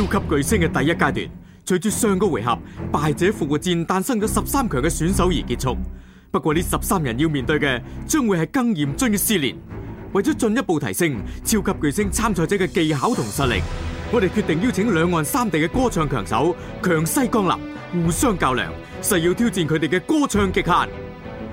超級巨星嘅第一階段，隨住上個回合敗者復活戰誕生咗十三強嘅選手而結束。不過呢十三人要面對嘅，將會係更嚴峻嘅試煉。為咗進一步提升超級巨星參賽者嘅技巧同實力，我哋決定邀請兩岸三地嘅歌唱強手強勢降臨，互相較量，誓要挑戰佢哋嘅歌唱極限。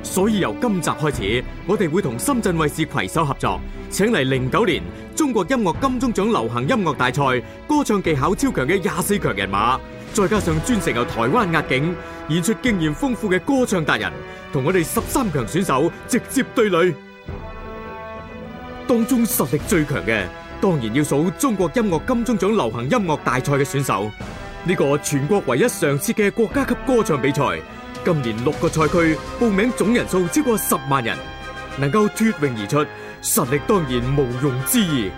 所以由今集開始，我哋會同深圳衛視攜手合作，請嚟零九年中國音樂金鐘獎流行音樂大賽歌唱技巧超強嘅廿四強人馬，再加上專程由台灣壓境演出經驗豐富嘅歌唱達人，同我哋十三強選手直接對壘。當中實力最強嘅，當然要數中國音樂金鐘獎流行音樂大賽嘅選手。呢、這個全國唯一常設嘅國家級歌唱比賽。今年六個賽區報名總人數超過十萬人，能夠脫穎而出，實力當然毋庸置疑。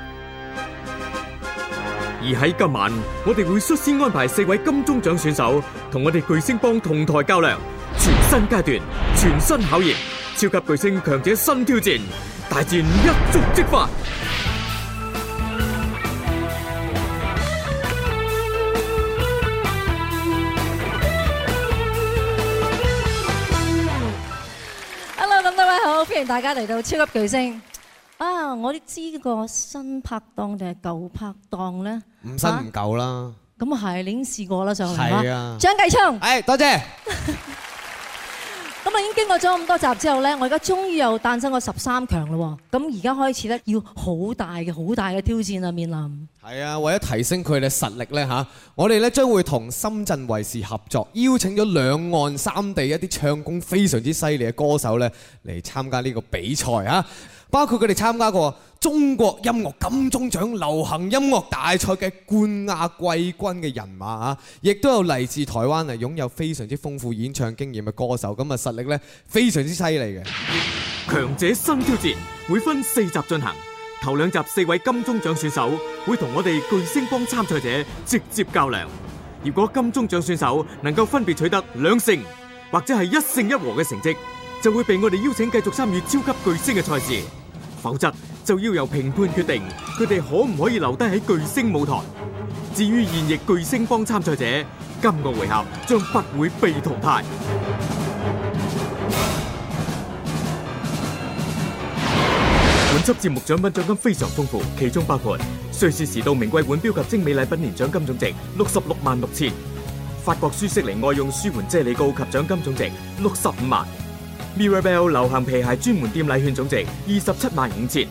而喺今晚，我哋會率先安排四位金鐘獎選手同我哋巨星幫同台較量，全新階段，全新考驗，超級巨星強者新挑戰，大戰一觸即發。歡迎大家嚟到《超級巨星》啊！我哋知個新拍檔定係舊拍檔咧？唔新唔舊啦。咁啊，係已經試過啦，上嚟。係啊，張繼聰。誒，hey, 多謝。咁啊，已經經過咗咁多集之後咧，我而家終於又誕生個十三強啦喎！咁而家開始咧，要好大嘅、好大嘅挑戰啊，面臨。係啊，為咗提升佢哋實力呢吓，我哋呢將會同深圳衞視合作，邀請咗兩岸三地一啲唱功非常之犀利嘅歌手呢嚟參加呢個比賽啊！包括佢哋參加過中國音樂金鐘獎流行音樂大賽嘅冠亞季軍嘅人馬啊，亦都有嚟自台灣嚟擁有非常之豐富演唱經驗嘅歌手，咁啊實力呢非常之犀利嘅。強者新挑戰會分四集進行。頭兩集四位金鐘獎選手會同我哋巨聲幫參賽者直接較量。如果金鐘獎選手能夠分別取得兩勝或者係一勝一和嘅成績，就會被我哋邀請繼續參與超級巨聲嘅賽事；否則就要由評判決定佢哋可唔可以留低喺巨聲舞台。至於現役巨聲幫參賽者，今個回合將不會被淘汰。節目獎品獎金非常豐富，其中包括瑞士時度名貴腕表及精美禮品，年獎金總值六十六萬六千；法國舒適靈外用舒緩啫喱膏及獎金總值六十五萬；Mirabelle 流行皮鞋專門店禮券總值二十七萬五千；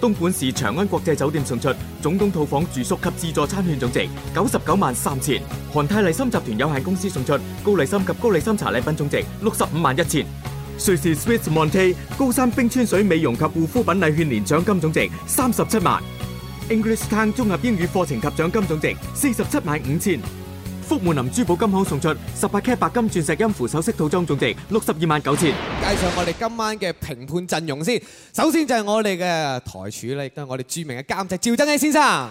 東莞市長安國際酒店送出總統套房住宿及自助餐券總值九十九萬三千；韓泰麗參集團有限公司送出高麗參及高麗參茶禮品總值六十五萬一千。瑞士 Swiss Montey 高山冰川水美容及護膚品禮券年獎金總值三十七萬，English Town 綜合英語課程及獎金總值四十七萬五千，福門林珠寶金行送出十八 K 白金鑽石音符首飾套裝總值六十二萬九千。介紹我哋今晚嘅評判陣容先，首先就係我哋嘅台柱咧，亦都係我哋著名嘅監製趙振熙先生。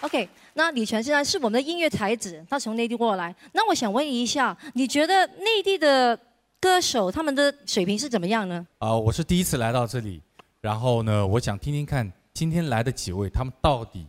OK，那李泉先生是我們的音樂才子，他從內地過來。那我想問一下，你覺得內地的歌手他們的水平是怎麼樣呢？啊，我是第一次來到這裏，然後呢，我想聽聽看今天來的幾位，他們到底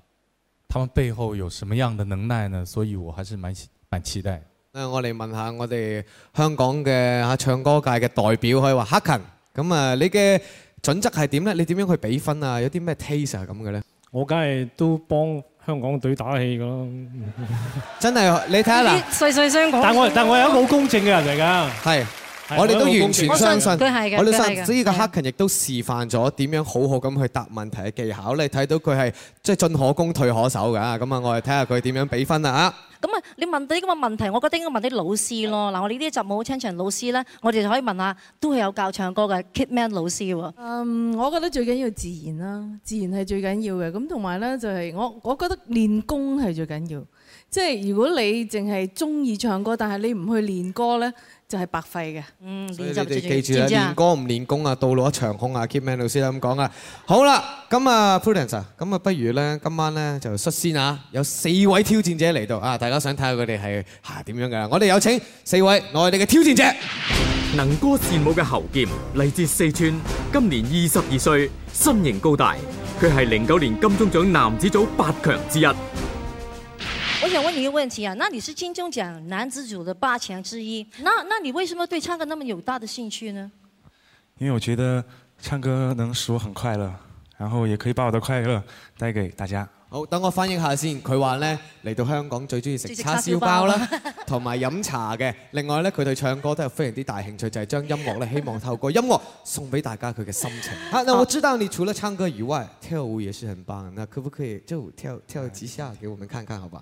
他們背後有什麼樣的能耐呢？所以我還是蠻蠻期待的。那我嚟問下我哋香港嘅啊唱歌界嘅代表可以話 Hacken，咁啊，你嘅準則係點呢？你點樣去比分啊？有啲咩 taste 啊？咁嘅呢，我梗係都幫。香港隊打氣噶咯， 真係你睇下啦，細細聲講。但係我但我係一個好公正嘅人嚟㗎。係。對我哋都完全相信，我哋相信呢個黑擎亦都示範咗點樣好好咁去答問題嘅技巧。是的，是的，你睇到佢係即係進可攻退可守㗎。咁啊，我哋睇下佢點樣俾分啦嚇。咁啊，你問到呢個問題，我覺得應該問啲老師咯。嗱的，我哋呢啲集舞、唱唱老師咧，我哋就可以問下，都係有教唱歌嘅 Kitman 老師喎。Um, 我覺得最緊要係自然啦，自然係最緊要嘅。咁同埋咧就係、是、我，我覺得練功係最緊要。即、就、係、是、如果你淨係中意唱歌，但係你唔去練歌咧。就係白費嘅，所以你哋記住啦，練歌唔練功啊，到老一場空啊，Keep Man 老師咁講啊。好啦，咁啊，Prudence，咁啊，不如咧今晚咧就率先啊，有四位挑戰者嚟到啊，大家想睇下佢哋係嚇點樣㗎啦？我哋有請四位內地嘅挑戰者，能歌善舞嘅侯劍，嚟自四川，今年二十二歲，身形高大，佢係零九年金鐘獎男子組八強之一。我想問你一個問題啊，那你是金鐘獎男子組的八強之一，那那你為什麼對唱歌那麼有大的興趣呢？因為我覺得唱歌能使我很快樂，然後也可以把我的快樂帶給大家。好，等我翻譯一下先，佢話呢，嚟到香港最中意食叉燒包啦，同埋飲茶嘅。另外呢，佢對唱歌都有非常之大興趣，就係將音樂呢，希望透過音樂送俾大家佢嘅心情 好。那我知道你除了唱歌以外，跳舞也是很棒。那可不可以就跳跳幾下給我們看看，好吧？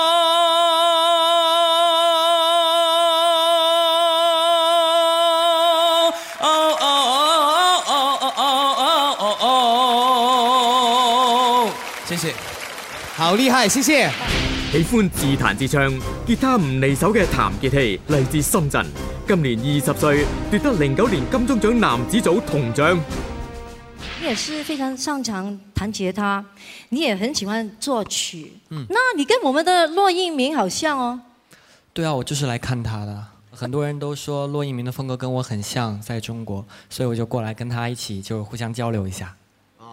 厲害，謝謝。喜歡自彈自唱，吉他唔離手嘅譚傑希，嚟自深圳，今年二十歲，奪得零九年金鐘獎男子組銅獎。你也是非常擅長彈吉他，你也很喜歡作曲，嗯，那你跟我們的駱應明好像哦。對啊，我就是來看他的。很多人都說駱應明的風格跟我很像，在中國，所以我就過來跟他一起就互相交流一下。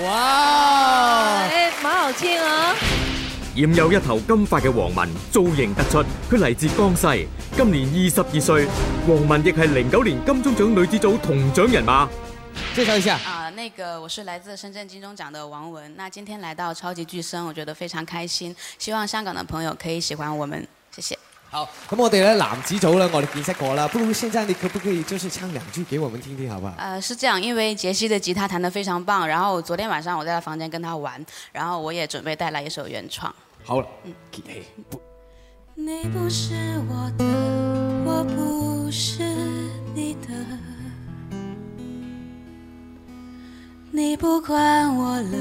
哇！誒 Wow,、欸，好騮添嗬，染有一頭金髮，嘅黃文，造型突出，佢嚟自江西，今年二十二歲。黃文亦係零九年金鐘獎女子組銅獎人馬。介紹一下啊，uh, 那個我是來自深圳金鐘獎的王文，那今天來到超級巨聲，我覺得非常開心，希望香港的朋友可以喜歡我們，謝謝。好，咁我哋咧男子組呢，我哋見識過啦。不如現在你可不可以就是唱兩句給我們聽聽，好不好？呃，是這樣，因為傑西的吉他彈得非常棒。然後昨天晚上我在他房間跟他玩，然後我也準備帶來一首原創。好了，嗯，嘿嘿。你不是我的，我不是你的。你不管我了，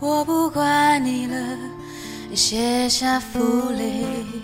我不管你了，你卸下負累。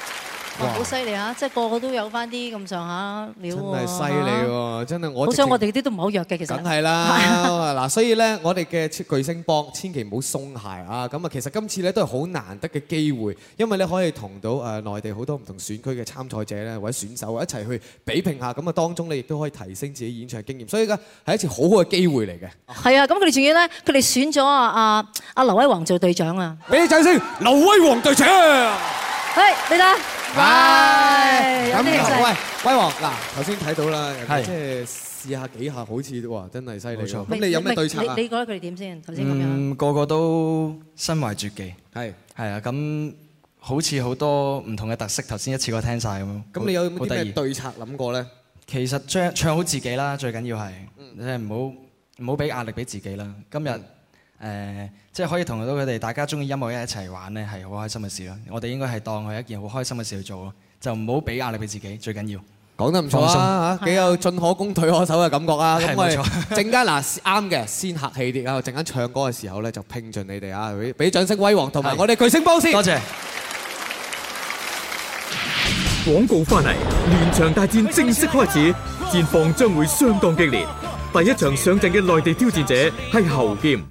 好犀利啊！即係個個都有翻啲咁上下料喎。真係犀利喎！真係我好想我哋啲都唔好弱嘅其實。梗係啦，嗱，所以咧，我哋嘅巨星幫千祈唔好鬆懈啊！咁啊，其實今次咧都係好難得嘅機會，因為咧可以同到誒內地好多唔同選區嘅參賽者咧或者選手一齊去比拼下，咁啊當中咧亦都可以提升自己演唱經驗，所以咧係一次好好嘅機會嚟嘅。係啊，咁佢哋仲要咧，佢哋選咗阿阿劉威煌做隊長啊！俾啲掌聲，劉威煌隊長。係，你睇。喂，咁唔喂王，威王嗱，頭先睇到啦，即係試下幾下，好似嘩，真係犀利。冇錯。咁你有咩對策啊？你覺得佢哋點先？頭先咁樣。樣嗯，個個都身懷絕技，係係啊，咁好似好多唔同嘅特色。頭先一次過聽晒咁樣。咁你有冇第二對策諗過咧？其實唱唱好自己啦，最緊要係，你係唔好唔好俾壓力俾自己啦。今日。嗯誒，即係可以同到佢哋大家中意音樂一齊玩咧，係好開心嘅事咯。我哋應該係當佢係一件好開心嘅事去做，就唔好俾壓力俾自己，最緊要。講得唔錯啊，幾有進可攻退可守嘅感覺啊！咁我哋陣間嗱啱嘅先客氣啲啊，陣間唱歌嘅時候咧就拼盡你哋啊！俾俾掌聲威王同埋我哋巨星幫先。多謝。廣告翻嚟，連場大戰正式開始，戰況將會相當激烈。第一場上陣嘅內地挑戰者係侯劍。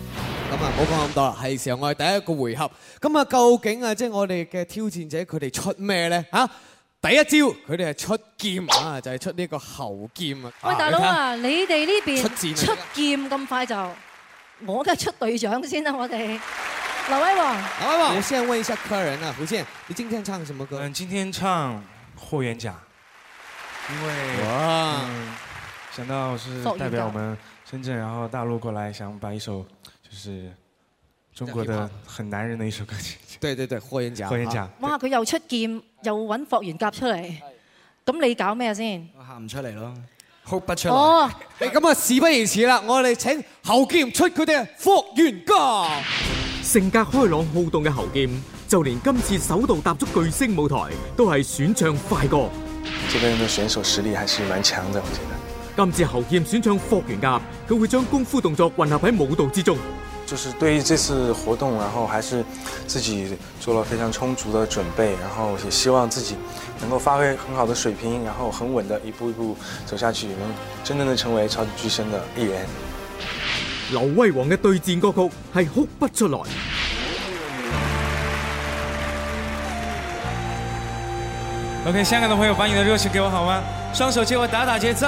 咁啊，唔好講咁多啦，係時候我哋第一個回合。咁啊，究竟啊，即係我哋嘅挑戰者佢哋出咩咧？嚇，第一招佢哋係出劍啊，就係出呢個喉劍啊！喂，大佬啊，你哋呢邊出劍咁快就？我梗係出隊長先啦，我哋劉威王，劉威王？我先問一下客人啊，胡建，你今天唱什麼歌？嗯，今天唱《霍元甲》，因為哇，想到是代表我們深圳，然後大陸過來，想把一首。就是中國的很男人的一首歌曲。 對對對，霍元甲。霍元甲，哇佢又出劍，又搵霍元甲出嚟。咁你搞咩先？我喊唔出嚟咯，哭不出嚟。哦，咁啊事不宜遲啦，我哋請侯劍出佢哋嘅霍元甲。性格開朗好動嘅侯劍，就連今次首度踏足巨星舞台，都係選唱快歌。這邊嘅選手實力還是蠻強的，我覺得。今次侯劍選唱霍元甲，佢會將功夫動作混合喺舞蹈之中。就是對於這次活動，然後還是自己做了非常充足的準備，然後也希望自己能夠發揮很好的水平，然後很穩的一步一步走下去，能真正的成為超級巨星的一員。劉威王嘅對戰歌曲係哭不出來。OK，香港的朋友，把你的熱情給我好嗎？雙手借我打打節奏。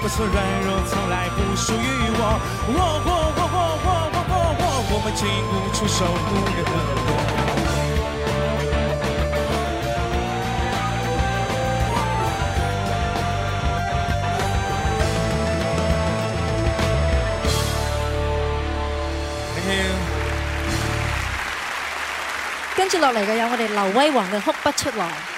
不說軟弱從來不屬於我，我我我我我我我我，我們絕不屈服任何。Thank you 跟。跟住落嚟嘅有我哋劉威王嘅哭不出來。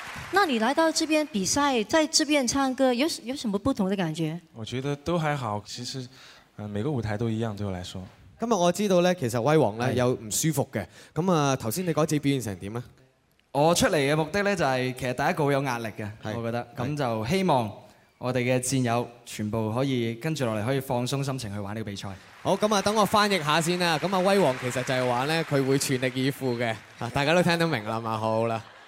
那你來到這邊比賽，在這邊唱歌有有什麼不同的感覺？我覺得都還好，其實，嗯，每個舞台都一樣，對我來說。今日我知道呢，其實威王呢有唔舒服嘅，咁啊的，頭先你嗰次表現成點啊？我出嚟嘅目的呢，就係，其實第一個會有壓力嘅，的我覺得，咁就希望我哋嘅戰友全部可以跟住落嚟，可以放鬆心情去玩呢個比賽。好，咁啊，等我翻譯下先啦。咁啊，威王其實就係話呢，佢會全力以赴嘅，大家都聽得明啦嘛，好啦。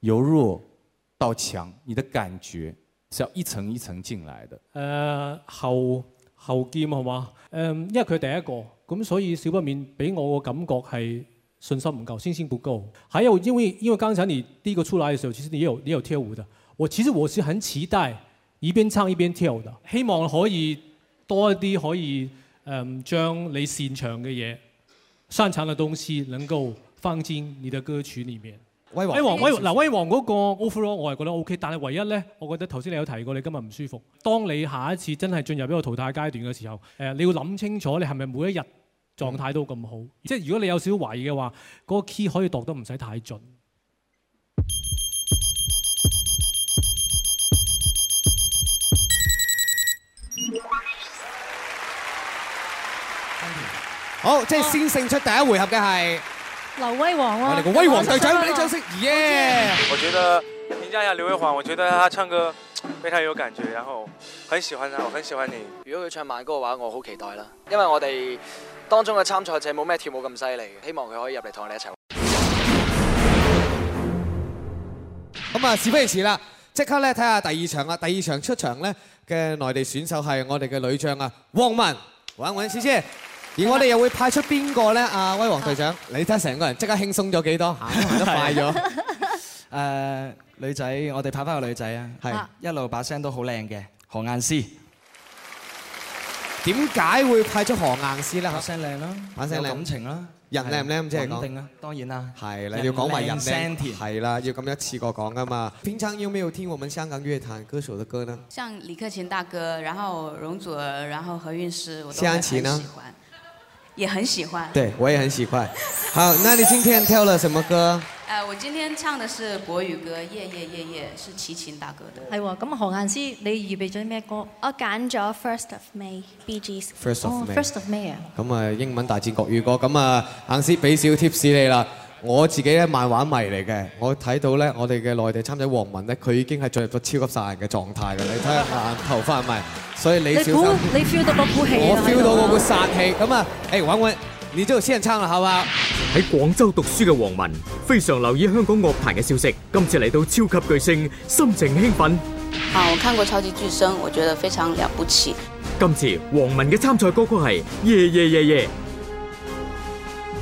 由弱到強，你的感覺是要一層一層進來的。誒、呃，後後邊好嗎？嗯，因為佢第一個，咁所以小不免俾我嘅感覺係信心唔夠，星星唔夠。喺度，因為因為剛才你呢個出嚟嘅時候，其實你有你有跳舞的。我其實我是很期待一邊唱一邊跳舞的，希望可以多一啲可以嗯將你擅長嘅嘢、擅長嘅東西，能夠放進你的歌曲裡面。威王，嗱威王嗰王王個 overall 我係覺得 O、OK, K，但係唯一咧，我覺得頭先你有提過你今日唔舒服。當你下一次真係進入一個淘汰階段嘅時候，誒你要諗清楚你係咪每一日狀態都咁好？嗯、即係如果你有少少懷疑嘅話，嗰、那個 key 可以度得唔使太盡。謝謝 好，即係先勝出第一回合嘅係。劉威皇我哋、啊、個威皇仔，呢、啊、張色 yeah 我覺得評價一下劉威皇，我覺得他唱歌非常有感覺，然後很喜歡他，我很喜歡你。如果佢唱慢歌嘅話，我好期待啦。因為我哋當中嘅參賽者冇咩跳舞咁犀利，希望佢可以入嚟同我哋一齊。咁啊、嗯，事不宜遲啦，即刻咧睇下第二場啦。第二場出場咧嘅內地選手係我哋嘅女將啊，汪文，玩玩，謝謝。而我哋又會派出邊個咧？阿威王隊長，你睇下成個人即刻輕鬆咗幾多？嚇，都快咗。誒，女仔，我哋派翻個女仔啊，係一路把聲都好靚嘅何雁詩。點解會派出何雁詩咧？把聲靚啦，把聲靚，有感情啦，人靚唔靚即係講。定啊，當然啦。係，你要講埋人靚。係啦，要咁一次過講噶嘛。平常有冇聽我們香港樂壇歌手嘅歌呢？像李克勤大哥，然後容祖兒，然後何韻詩，我都好喜歡。也很喜歡，對，我也很喜歡。好，那你今天挑了什麼歌？ 我今天唱的是國語歌《夜夜夜夜》，是齊秦大哥的。係喎，咁何雁詩，你預備咗咩歌？我揀咗《First of May》，B G S。First of May，oh, First of May 啊。咁啊，英文大戰國語歌，咁啊，雁詩俾小貼士你啦。我自己咧漫畫迷嚟嘅，我睇到咧我哋嘅內地參賽黃文咧，佢已經係進入咗超級殺人嘅狀態啦！你睇下頭髮係咪？所以你小心，你 feel 到嗰股氣。我 feel 到嗰股殺氣。咁啊，誒、欸、玩玩，你知道先人撐啦，好唔好？喺廣州讀書嘅黃文非常留意香港樂壇嘅消息，今次嚟到超級巨星，心情興奮。啊，我睇過《超級巨星》，我覺得非常了不起。今次黃文嘅參賽歌曲係夜夜夜夜。Yeah, yeah, yeah, yeah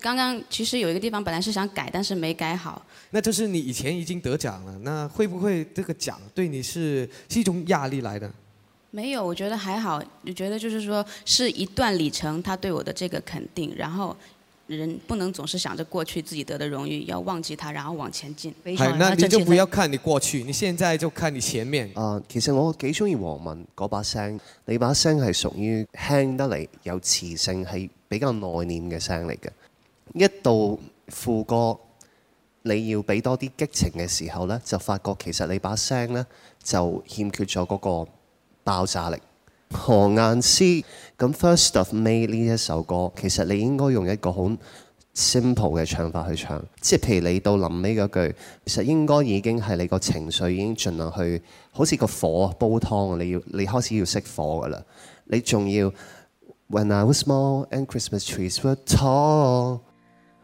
剛剛其實有一個地方，本來是想改，但是沒改好。那就是你以前已經得獎了，那會不會這個獎對你是係一種壓力來的？沒有，我覺得還好。我覺得就是說，是一段里程，它對我的這個肯定。然後人不能總是想着過去自己得的榮譽，要忘記它，然後往前進。係是，那你就不要看你過去，你現在就看你前面。啊、呃，其實我幾中意黃文嗰把聲，你把聲係屬於輕得嚟，有磁性，係比較內斂嘅聲嚟嘅。一到副歌，你要俾多啲激情嘅時候呢，就發覺其實你把聲呢，就欠缺咗嗰個爆炸力。何雁詩，咁 First of May 呢一首歌，其實你應該用一個好 simple 嘅唱法去唱，即係譬如你到臨尾嗰句，其實應該已經係你個情緒已經盡量去，好似個火煲湯你要你開始要熄火㗎喇，你仲要 When I was small and Christmas trees were tall。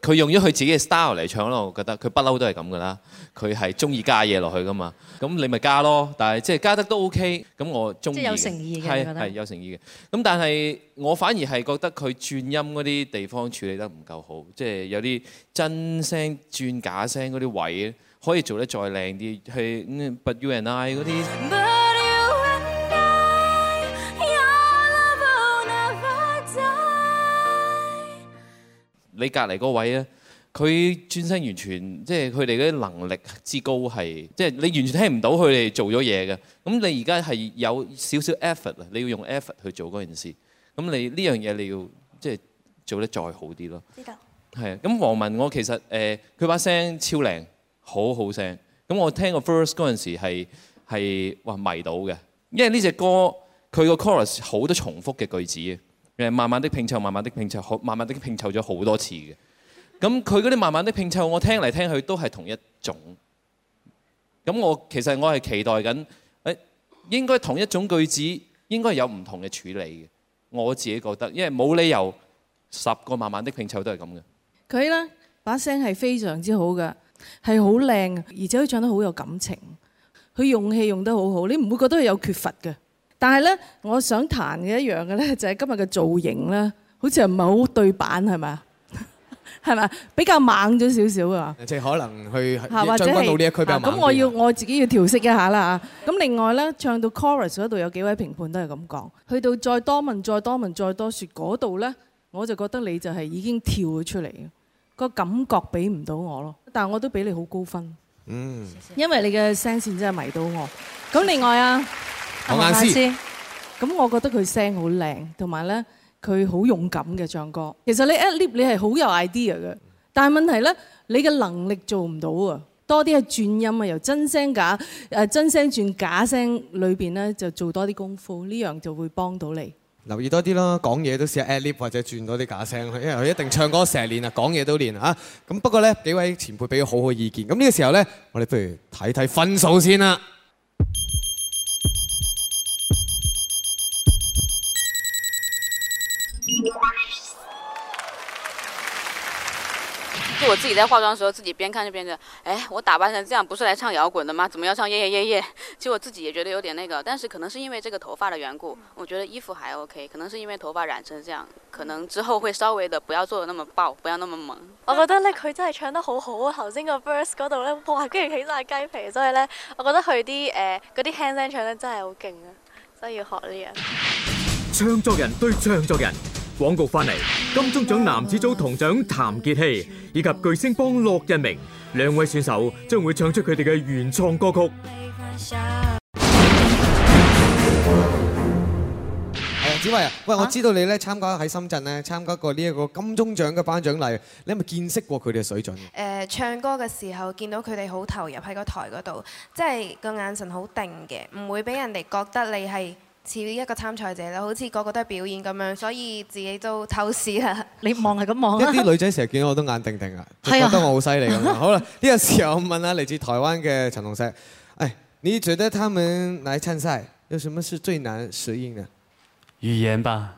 佢用咗佢自己嘅 style 嚟唱咯，我覺得佢不嬲都係咁噶啦。佢係中意加嘢落去噶嘛，咁你咪加咯。但係即係加得都 OK，咁我中意係係有誠意嘅。咁但係我反而係覺得佢轉音嗰啲地方處理得唔夠好，即係有啲真聲轉假聲嗰啲位，可以做得再靚啲。去撥 U n I 嗰啲。 你隔離嗰位咧，佢轉身完全，即係佢哋嗰啲能力之高係，即係你完全聽唔到佢哋做咗嘢嘅。咁你而家係有少少 effort 啊，你要用 effort 去做嗰件事。咁你呢樣嘢你要即係做得再好啲咯。知道。係啊，咁黃文我其實誒，佢、呃、把聲超靚，好好聲。咁我聽個 first 嗰陣時係係哇迷到嘅，因為呢隻歌佢個 chorus 好多重複嘅句子嘅。誒，慢慢，慢慢的拼湊，慢慢的拼湊，好慢慢的拼湊咗好多次嘅。咁佢嗰啲慢慢的拼湊，我聽嚟聽去都係同一種。咁我其實我係期待緊，誒，應該同一種句子應該有唔同嘅處理嘅。我自己覺得，因為冇理由十個慢慢的拼湊都係咁嘅。佢咧把聲係非常之好嘅，係好靚，而且佢唱得好有感情，佢用氣用得好好，你唔會覺得佢有缺乏嘅。但係咧，我想彈嘅一樣嘅咧，就係今日嘅造型咧，好似係唔係好對版係咪啊？係咪比較猛咗少少啊？即係可能去，或者到呢一區咁，我要我自己要調色一下啦嚇。咁另外咧，唱到 chorus 嗰度有幾位評判都係咁講，去到再多問再多問再多説嗰度咧，我就覺得你就係已經跳咗出嚟，個感覺俾唔到我咯。但我都俾你好高分，嗯，因為你嘅聲線真係迷到我。咁、嗯、另外啊。講晏先，咁我覺得佢聲好靚，同埋咧佢好勇敢嘅唱歌。其實你 ad lib 你係好有 idea 嘅，但係問題咧，你嘅能力做唔到喎。多啲係轉音啊，由真聲假誒真聲轉假聲裏邊咧，就做多啲功夫，呢樣就會幫到你。留意多啲囉，講嘢都試下 ad lib 或者轉多啲假聲啦，因為佢一定唱歌成年啦，講嘢都練啊。咁不過咧，幾位前輩俾佢好好意見，咁呢個時候咧，我哋不如睇睇分數先啦。我自己在化妝的時候，自己邊看就邊着。哎，我打扮成這樣不是來唱搖滾的嗎？怎麼要唱夜夜夜夜？其實我自己也覺得有點那個，但是可能是因為這個頭髮的緣故，我覺得衣服還 OK。可能是因為頭髮染成這樣，可能之後會稍微的不要做的那麼爆，不要那麼猛。我覺得呢，佢真係唱得好好，哦，啊！頭先個 verse 嗰度呢，哇，居然起晒雞皮，所以呢，我覺得佢啲誒嗰啲輕聲唱得真係好勁啊，所以要學呢、這、樣、個。唱作人對唱作人。廣告翻嚟，金鐘獎男子組銅獎譚杰希以及巨星幫樂逸明兩位選手將會唱出佢哋嘅原創歌曲。係啊，子慧啊，喂，我知道你咧參加喺深圳咧參加過呢一個金鐘獎嘅頒獎禮，你係咪見識過佢哋嘅水準？誒，唱歌嘅時候見到佢哋好投入喺個台嗰度，即係個眼神好定嘅，唔會俾人哋覺得你係。似一個參賽者啦，好似個個都係表演咁樣，所以自己都透視啊。你望係咁望一啲女仔成日見到我都眼定定啊，覺得我是、啊、好犀利啊。好啦，呢個時候我問下嚟自台灣嘅陳龍石，誒，你覺得他們嚟參賽，有什麼是最難適應嘅語言吧？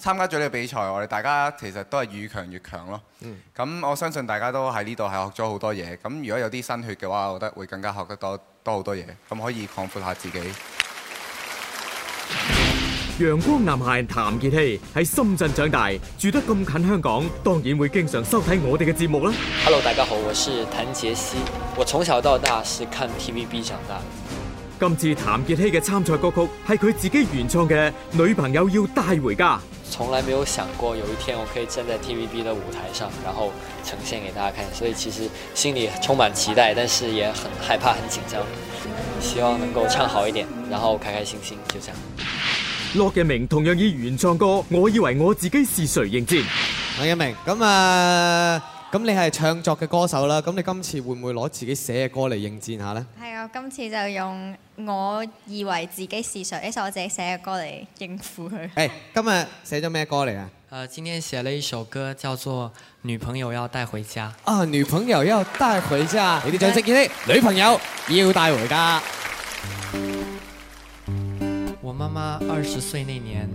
參加咗呢個比賽，我哋大家其實都係越強越強咯。咁、嗯、我相信大家都喺呢度係學咗好多嘢。咁如果有啲新血嘅話，我覺得會更加學得多多好多嘢，咁可以擴闊下自己。陽光男孩譚傑希喺深圳長大，住得咁近香港，當然會經常收睇我哋嘅節目啦。Hello，大家好，我是譚傑希。我從小到大是看 T V B 長大。今次譚傑希嘅參賽歌曲係佢自己原創嘅《女朋友要帶回家》。從來沒有想過有一天我可以站在 TVB 的舞台上，然後呈現給大家看，所以其實心裏充滿期待，但是也很害怕、很緊張，希望能夠唱好一點，然後開開心心就這樣。駱建明同樣以原創歌，我以為我自己是誰迎戰駱建明，咁啊。咁你係唱作嘅歌手啦，咁你今次會唔會攞自己寫嘅歌嚟應戰下呢？係啊，今次就用我以為自己是誰一首我自己寫嘅歌嚟應付佢。誒，今日寫咗咩歌嚟啊？誒，今天寫了一首歌叫做《女朋友要帶回家》。啊，《女朋友要帶回家》，你哋最識嘅女朋友要帶回家。對，我媽媽二十歲那年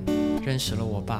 認識了我爸。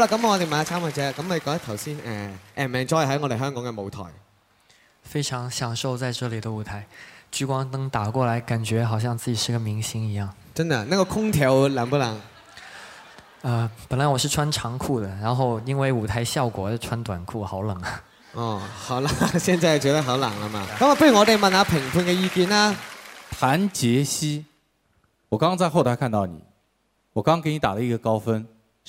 好啦，咁我哋問下參賽者，咁你覺得頭先誒，enjoy 喺我哋香港嘅舞台，呃、非常享受，在這裡的舞台，聚光燈打過來，感覺好像自己係個明星一樣。真的，那個空調冷不冷？啊、呃，本來我是穿長褲嘅，然後因為舞台效果，就穿短褲，好冷啊。哦，好啦，現在覺得好冷啦嘛。咁啊對，不如我哋問下評判嘅意見啦。譚傑希，我剛剛在後台看到你，我剛剛給你打了一個高分。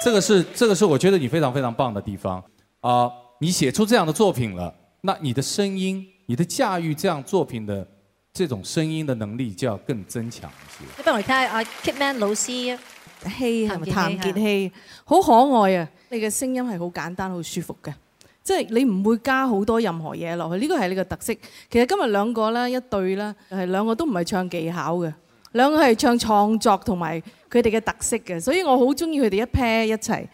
這個是，這個是我覺得你非常非常棒的地方。啊，uh，你寫出這樣的作品了，那你的聲音，你的駕馭這樣作品的這種聲音的能力就要更增強一些。不如嚟睇下啊，Kitman 老師，氣係咪？譚杰希，好可愛啊！你嘅聲音係好簡單，好舒服嘅，即係你唔會加好多任何嘢落去，呢個係你嘅特色。其實今日兩個咧，一對啦，係兩個都唔係唱技巧嘅，兩個係唱創作同埋。佢哋嘅特色嘅，所以我好中意佢哋一 pair 一齊。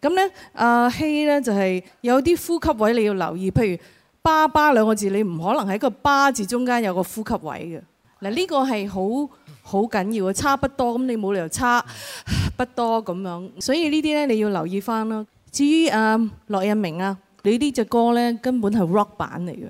咁、啊、呢，阿希呢就係、是、有啲呼吸位你要留意，譬如巴巴兩個字，你唔可能喺個巴字中間有個呼吸位嘅。嗱、這、呢個係好好緊要嘅，差不多咁你冇理由差不多咁樣。所以呢啲呢你要留意翻咯。至於阿洛仁明啊，你呢隻歌呢根本係 rock 版嚟嘅。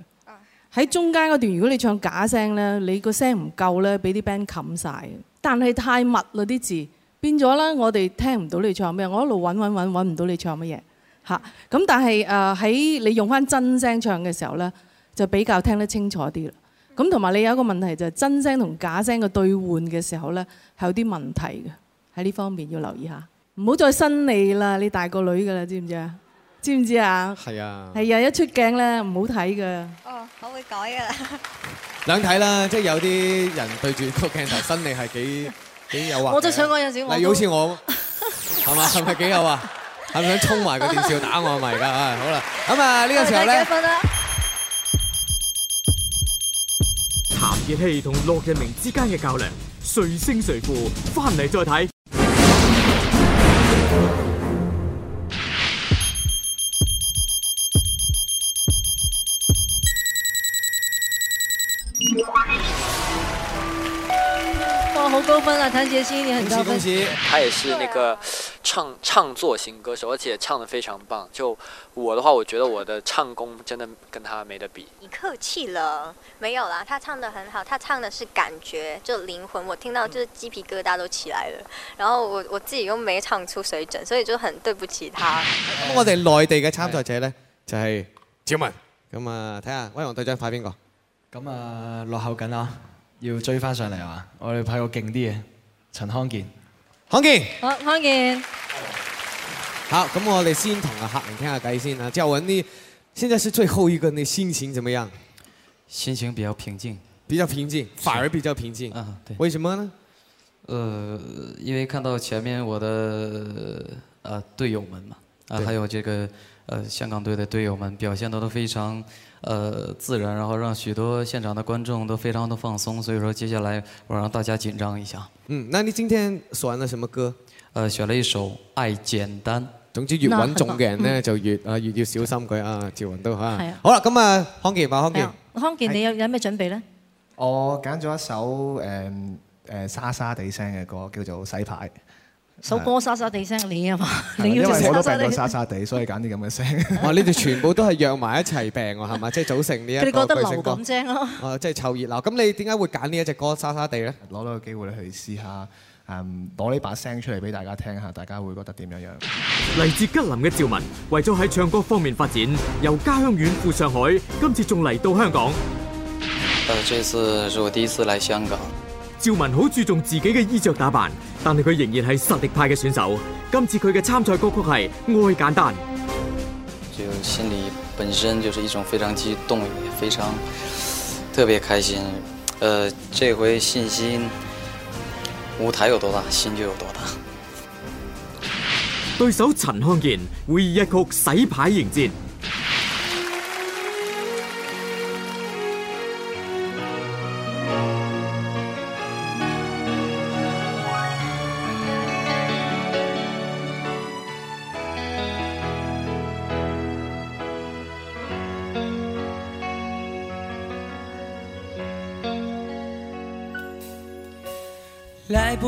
喺、oh. 中間嗰段，如果你唱假聲呢，你個聲唔夠呢，俾啲 band 冚晒。但係太密啦啲字，變咗啦。我哋聽唔到你唱咩。我一路揾揾揾，揾唔到你唱乜嘢嚇。咁但係誒喺你用翻真聲唱嘅時候咧，就比較聽得清楚啲啦。咁同埋你有一個問題就係、是、真聲同假聲嘅對換嘅時候咧，係有啲問題嘅。喺呢方面要留意下，唔好再伸脷啦，你大個女噶啦，知唔知啊？知唔知啊？係啊，係啊，一出鏡咧，唔好睇噶。哦，我會改噶。兩睇啦，即、就、係、是、有啲人對住出鏡頭身是，身嚟係幾幾誘我就想講有少少，好似我係嘛？係咪幾有啊？係咪想衝埋個電視打我咪而家啊？好啦，咁啊呢個時候咧，譚傑希同樂日明之間嘅較量，誰勝誰負，翻嚟再睇。譚傑希，你很高分，他也是那個唱、啊、唱作型歌手，而且唱得非常棒。就我的話，我覺得我的唱功真的跟他沒得比。你客氣了，沒有啦，他唱得很好，他唱的是感覺，就靈魂，我聽到就是雞皮疙瘩都起來了。然後我我自己又沒唱出水準，所以就很對不起他。欸、我哋內地嘅參賽者呢，欸、就係、是、趙文。咁啊，睇下威龍隊長快邊個？咁啊，落後緊啊。要追翻上嚟啊！我哋派個勁啲嘅陳康健，康健，好康健。好，咁我哋先同阿客人傾下偈先啦。趙文，呢，現在是最後一個，你心情怎麼樣？心情比較平靜。比較平靜，反而比較平靜。嗯的，對。為什麼呢？呃，因為看到前面我的呃隊友們，嘛，啊對，還有這個呃香港隊的隊友們，表現得都非常。呃，自然，然後讓許多現場的觀眾都非常的放鬆，所以說接下來我讓大家緊張一下。嗯，那你今天選了什麼歌？呃，選了一首《愛簡單》。總之越穩重嘅人呢，嗯、就越啊越要小心佢是啊，趙雲都吓。係啊。啊好啦，咁啊康健，吧康健。康健、啊，你有有咩準備呢？我揀咗一首誒誒、嗯呃、沙沙地聲嘅歌，叫做《洗牌》。首歌沙沙地聲你啊嘛，你要因為我都沙沙地沙沙地，所以揀啲咁嘅聲。哇！ 你哋全部都係約埋一齊病喎，係咪？即係組成呢一個歌。你覺得流感聲咯？即係湊熱鬧。咁你點解會揀呢一隻歌沙沙地咧？攞到個機會咧，去試下，嗯，攞呢把聲出嚟俾大家聽下，大家會覺得點樣樣？嚟自吉林嘅趙文，為咗喺唱歌方面發展，由家鄉遠赴上海，今次仲嚟到香港。但呃，這次是我第一次來香港。趙文好注重自己嘅衣着打扮。但係佢仍然係實力派嘅選手，今次佢嘅參賽歌曲係《愛簡單》。就心裏本身就是一種非常激動，也非常特別開心。呃，這回信心，舞台有多大，心就有多大。對手陳漢賢會以一曲洗牌迎戰。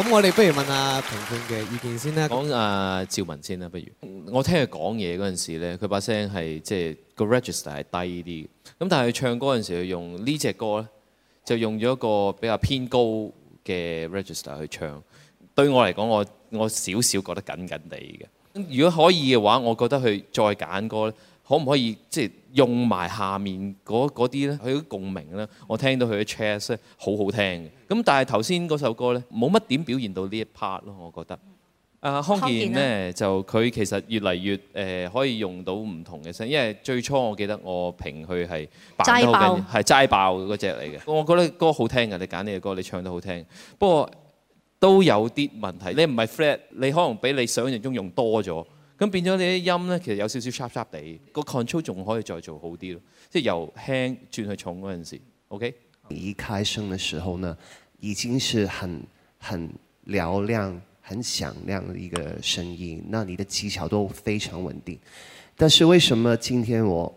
咁我哋不如問阿評判嘅意見先啦。講阿、啊、趙文先啦，不如。我聽佢講嘢嗰陣時咧，佢把聲係即係個 register 係低啲。咁但係佢唱歌嗰陣時，佢用呢隻歌咧，就用咗一個比較偏高嘅 register 去唱。對我嚟講，我我少少覺得緊緊地嘅。如果可以嘅話，我覺得佢再揀歌。可唔可以即係用埋下面嗰啲咧？佢啲共鳴咧，我聽到佢嘅 cha 好好聽嘅。咁但係頭先嗰首歌咧，冇乜點表現到呢一 part 咯，我覺得。啊，康健咧，就佢其實越嚟越誒、呃、可以用到唔同嘅聲，因為最初我記得我評佢係炸爆，係齋爆嗰隻嚟嘅。我覺得歌好聽嘅，你揀呢個歌，你唱得好聽。不過都有啲問題，你唔係 flat，你可能比你想像中用多咗。咁變咗你啲音咧，其實有少少沙沙哋，個 control 仲可以再做好啲咯，即係由輕轉去重嗰陣時，OK？你一開聲嘅時候呢，已經是很很嘹亮，亮，很響亮嘅一個聲音，那你的技巧都非常穩定。但是為什麼今天我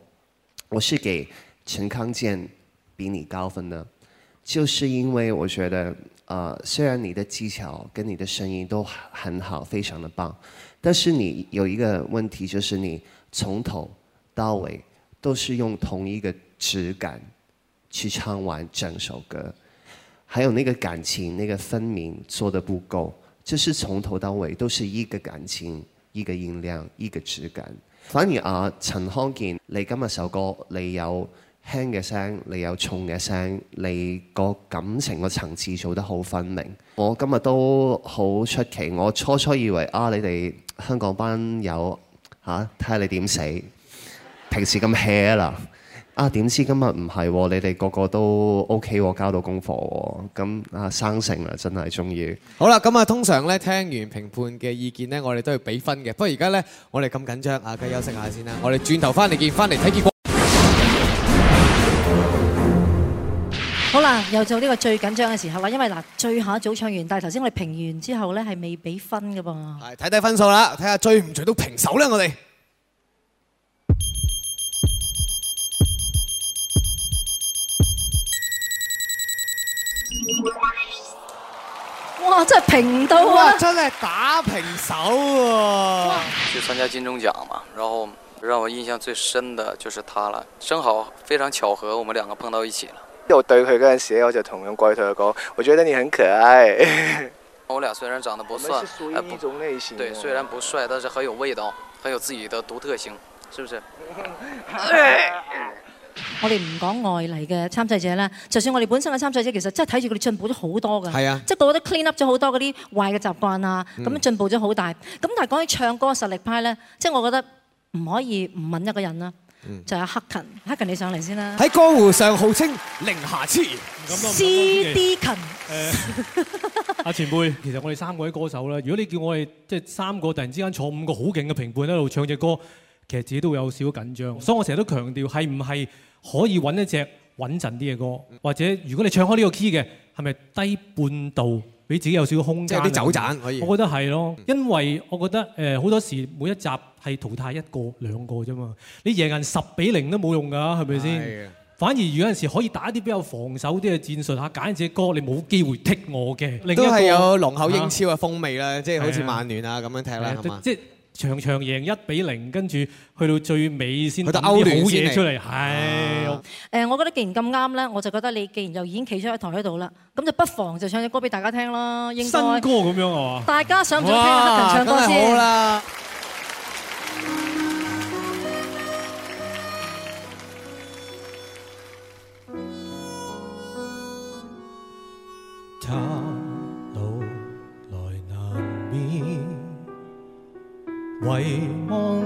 我是給陳康健比你高分呢？就是因為我覺得，呃，雖然你的技巧跟你的聲音都很好，非常的棒。但是你有一個問題，就是你從頭到尾都是用同一個質感去唱完整首歌，還有那個感情、那個分明做得不夠，就是從頭到尾都是一個感情、一個音量、一個質感。反而啊，陳康健，你今日首歌你有輕嘅聲，你有重嘅聲，你個感情個層次做得好分明。我今日都好出奇，我初初以為啊，你哋。香港班友，吓，睇下你點死？平時咁 hea 啦，啊，點知今日唔係你哋個個都 OK 交到功課喎，咁啊，生性啦，真係中意。好啦，咁啊，通常咧，聽完評判嘅意見咧，我哋都要俾分嘅。不過而家咧，我哋咁緊張啊，梗休息下先啦。我哋轉頭翻嚟見，翻嚟睇結啊、又做呢個最緊張嘅時候啦，因為嗱，最後一組唱完，但係頭先我哋評完之後呢，係未俾分嘅噃。係睇睇分數啦，睇下追唔追到平手咧，我哋。哇！真係平到啊！真係打平手啊！去參加金鐘獎嘛，然後讓我印象最深的就是他啦，正好非常巧合，我們兩個碰到一起啦。我對佢個人我就同人過一佢，嘅我覺得你很可愛。 我倆雖然長得不算，屬於一種類型。哎，對，雖然不帥，但是很有味道，很有自己的獨特性，是不是？我哋唔講外嚟嘅參賽者咧，就算我哋本身嘅參賽者，其實真係睇住佢哋進步咗好多㗎。係啊，即係、啊嗯就是、我覺得 clean up 咗好多嗰啲壞嘅習慣啦，咁樣進步咗好大。咁但係講起唱歌實力派咧，即係我覺得唔可以唔問一個人啦、啊。嗯、就仲有黑琴，黑琴你上嚟先啦。喺江湖上號稱零瑕疵。C D 琴，阿前輩，多多 其實我哋三個啲歌手咧，如果你叫我哋即係三個突然之間坐五個好勁嘅評判喺度唱隻歌，其實自己都會有少少緊張。所以我成日都強調，係唔係可以揾一隻穩陣啲嘅歌，或者如果你唱開呢個 key 嘅，係咪低半度？俾自己有少少空間，即係啲走盞可以。我覺得係、嗯、因為我覺得好、呃、多時每一集係淘汰一個兩個啫嘛，你贏人十比零都冇用㗎，係咪先？是的 反而如果有陣時可以打一啲比較防守啲嘅戰術嚇，揀隻歌，你冇機會踢我嘅。另一個都係有濃厚英超嘅風味啦，即係是的 好似曼聯、啊、咁樣踢場場贏一比零，跟住去到最尾先得啲好嘢出嚟。係。是啊、我覺得既然咁啱咧，我就覺得你既然又已經企咗喺台喺度啦，咁就不妨就唱隻歌俾大家聽啦。應該。新歌咁樣啊？大家想唔想聽黑人唱歌先？好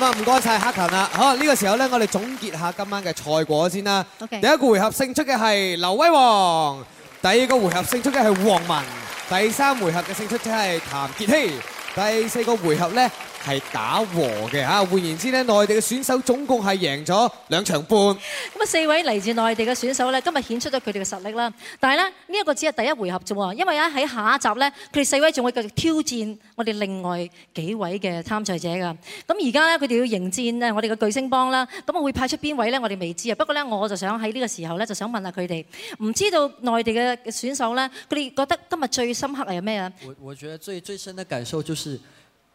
咁啊，唔該晒黑騰啦！好，這、呢個時候咧，我哋總結一下今晚嘅賽果先啦。第一個回合勝出嘅係劉威王，第二個回合勝出嘅係黃文，第三回合嘅勝出即係譚傑希，第四個回合咧。係打和嘅吓，換言之咧，內地嘅選手總共係贏咗兩場半。咁啊，四位嚟自內地嘅選手咧，今日顯出咗佢哋嘅實力啦。但係咧，呢一個只係第一回合啫喎，因為咧喺下一集咧，佢哋四位仲會繼續挑戰我哋另外幾位嘅參賽者噶。咁而家咧，佢哋要迎戰咧我哋嘅巨聲幫啦。咁我會派出邊位咧？我哋未知啊。不過咧，我就想喺呢個時候咧，就想問下佢哋，唔知道內地嘅選手咧，佢哋覺得今日最深刻係咩啊？我我覺得最最深嘅感受就是。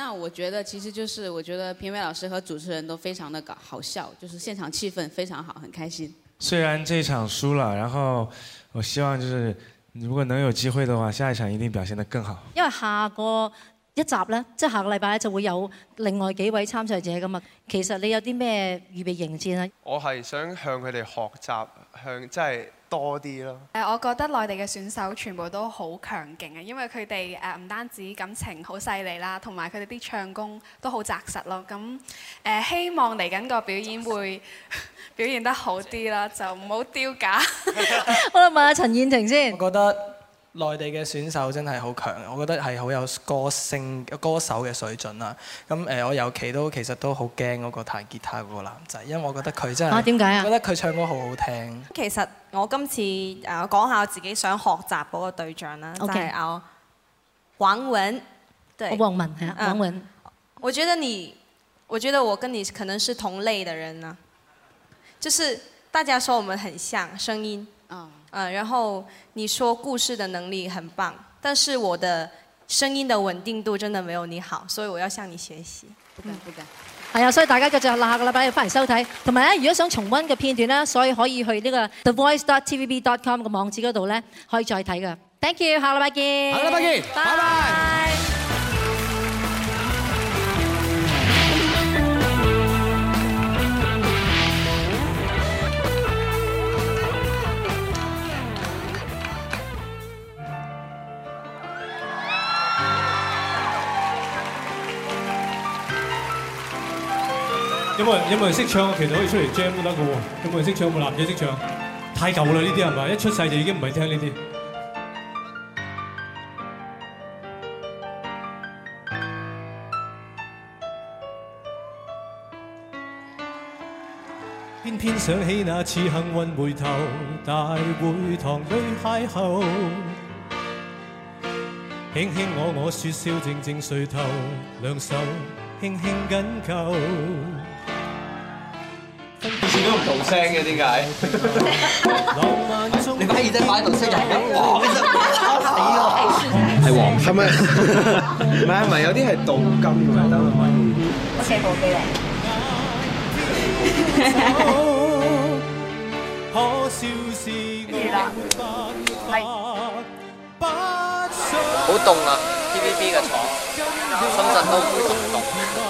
那我覺得其實就是，我覺得評委老師和主持人都非常的搞好笑，就是現場氣氛非常好，很開心。雖然這場輸了，然後我希望就是如果能有機會的話，下一場一定表現得更好。因為下個一集呢，即係下個禮拜咧就會有另外幾位參賽者㗎嘛。其實你有啲咩預備迎戰呢？我係想向佢哋學習，向即係。多啲咯。誒，我覺得內地嘅選手全部都好強勁啊，因為佢哋誒唔單止感情好犀利啦，同埋佢哋啲唱功都好紮實咯。咁誒，希望嚟緊個表演會表現得好啲啦，就唔 好丟架。我哋問下陳燕婷先。我覺得。內地嘅選手真係好強，我覺得係好有歌星歌手嘅水準啦。咁誒，我尤其都其實都好驚嗰個彈吉他嗰個男仔，因為我覺得佢真係，點解啊，覺得佢唱歌好好聽。啊。其實我今次誒講下我自己想學習嗰個對象啦，就係阿黃文。黃文，黃文。我覺得你，我覺得我跟你可能是同類的人啦，就是大家說我們很像聲音。啊。嗯、然後你說故事的能力很棒，但是我的聲音的穩定度真的沒有你好，所以我要向你學習。不敢不敢。係啊、嗯，哎，所以大家繼續下個禮拜要翻嚟收睇，同埋咧，如果想重温嘅片段咧，所以可以去個 the voice. Com 呢個 thevoice.tvb.com 嘅網址嗰度咧，可以再睇噶。Thank you，下個禮拜見。下個禮拜見，拜拜。有冇人有冇人識唱啊？其實可以出嚟 jam 都得嘅喎。有冇人識唱？有冇男仔識唱？太舊啦呢啲係咪？一出世就已經唔係聽呢啲。偏偏想起那次幸運回頭，大會堂裏邂逅，卿卿我我説笑，靜靜睡頭，兩手輕輕緊扣。做聲嘅點解？你把耳仔擺喺度識人咩？死咯！係黃？係咪？唔係咪有啲係鍍金㗎嘛？得啦，可以。我借部機嚟。好凍啊！T V B 嘅廠，深圳都唔會咁凍。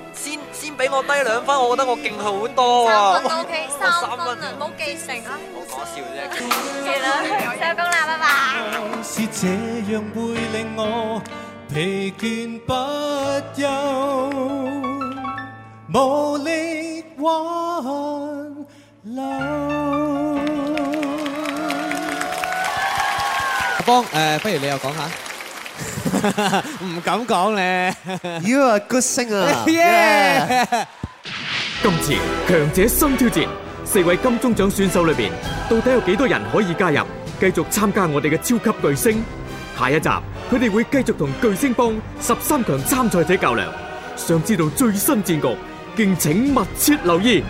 比我低兩分，我覺得我勁好多喎！我三分，唔好記成啊！好搞笑啫！收工啦，拜拜。阿邦，不如你又講下。唔敢講咧，You are a good singer！今次強者新挑戰，四位金鐘獎選手裏邊，到底有幾多人可以加入，繼續參加我哋嘅超級巨星？下一集，佢哋會繼續同巨星幫十三強參賽者較量。想知道最新戰局，敬請密切留意。